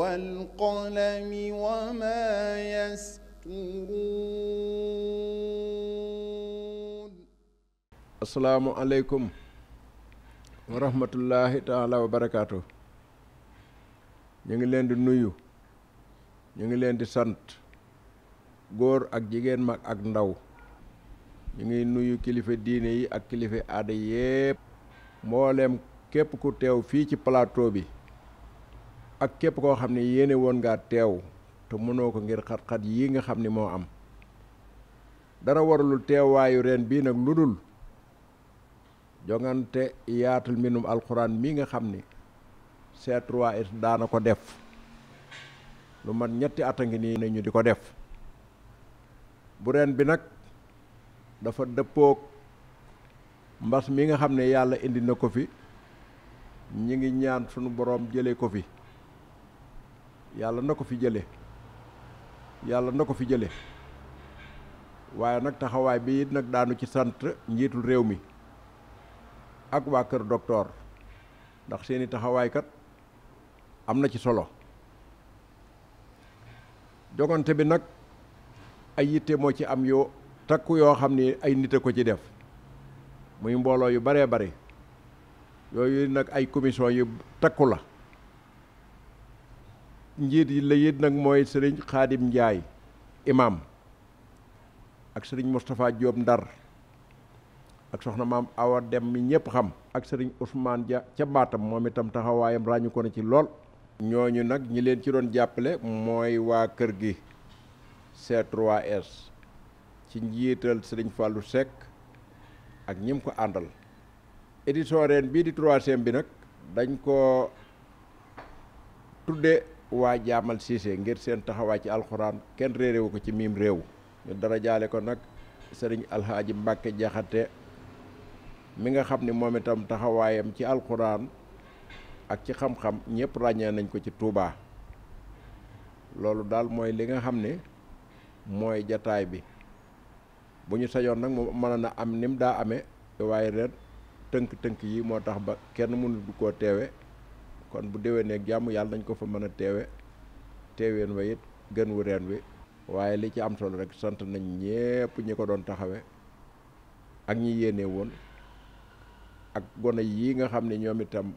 والقلم وما يسطرون السلام عليكم ورحمة ñu ngi leen di nuyu ñu ngi leen di sant góor ak jigéen mag ak ndaw ñu ngi nuyu kilifa diine yi ak kilifa aada yépp mbooleem képp ku teew fii ci plateau bi ak képp koo xam ne yéene woon ngaa teew te mënoo ko ngir xat-xat yi nga xam ni moo am dara waralul teewaayu reen bii nag lu dul jongante yaatal mbindum alxuraan mi nga xam ni C3S daana ko def lu mat ñetti at a ngi nii nañu di ko def bu reen bi nag dafa dëppook mbas mi nga xam ne yàlla indi na ko fi ñi ngi ñaan sunu boroom jële ko fi yàlla na ko fi jële yàlla na ko fi jële waaye nag taxawaay bi nag daanu ci sant njiitul réew mi ak waa kër docteur ndax seeni taxawaay kat am na ci solo jogante bi nag ay yitte moo ci am yoo takku yoo xam ni ay nit a ko ci def muy mbooloo yu baree bari yooyu nag ay commission yu takku la njiit yi la yit nag mooy sëriñ Xaadim Njaay imaam ak sëriñ Moustapha Diop Ndar ak soxna maam Awa Dem mi ñëpp xam ak sëriñ Ousmane Dia ca baatam moom itam taxawaayam ràññu ko ci lool ñooñu nag ñi leen ci doon jàppale mooy waa kër gi c 3 ci njiital sëriñ Fallou Seck ak ñim ko àndal édition ren bii di troisième bi nag dañ koo tudde waa jaamal Cissé ngir seen taxawaay ci alxuraan kenn réeréwu ko ci miim réew ñu dara ko nag sëriñ alxaaji mbàkke jaxate mi nga xam ni moom itam taxawaayam ci alxuraan ak ci xam-xam ñëpp ràññee nañ ko ci Touba loolu daal mooy li nga xam ne mooy jataay bi bu ñu sañoon nag mu mën na am ni mu daa amee waaye ren tënk-tënk yi moo tax ba kenn mënul du koo teewe kon bu déwénee ak jàmm yàlla nañ ko fa mën a teewe teeween wa it gën wu reen wi waaye li ci am solo rek sant nañ ñépp ñi ko doon taxawe ak ñi yéene woon ak gone yii nga xam ne ñoom itam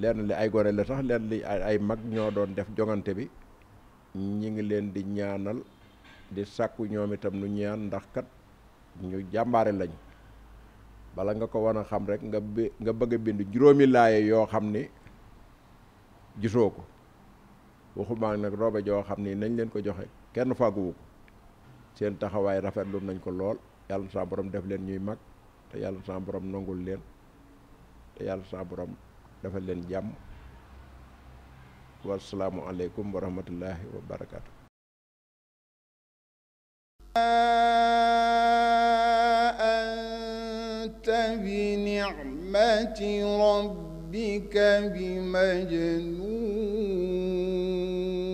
lenn li ay gone la sax leen li ay mag ñoo doon def jongante bi ñi ngi leen di ñaanal di sàkku ñoom itam nu ñaan ndax kat ñu jàmbaare lañ bala nga ko war a xam rek nga bi nga bëgg a bind juróomi laaye yoo xam ni gisoo ko waxumaa nag robe joo xam ni nañ leen ko joxe kenn fàgguwu ko seen taxawaay rafetlu nañ ko lool yàlla na saa borom def leen ñuy mag te yàlla na saa borom nangul leen te yàlla na borom defal leen jàmm wasalaamualeykum wa rahmatullahi wa أنت بنعمة ربك بمجنون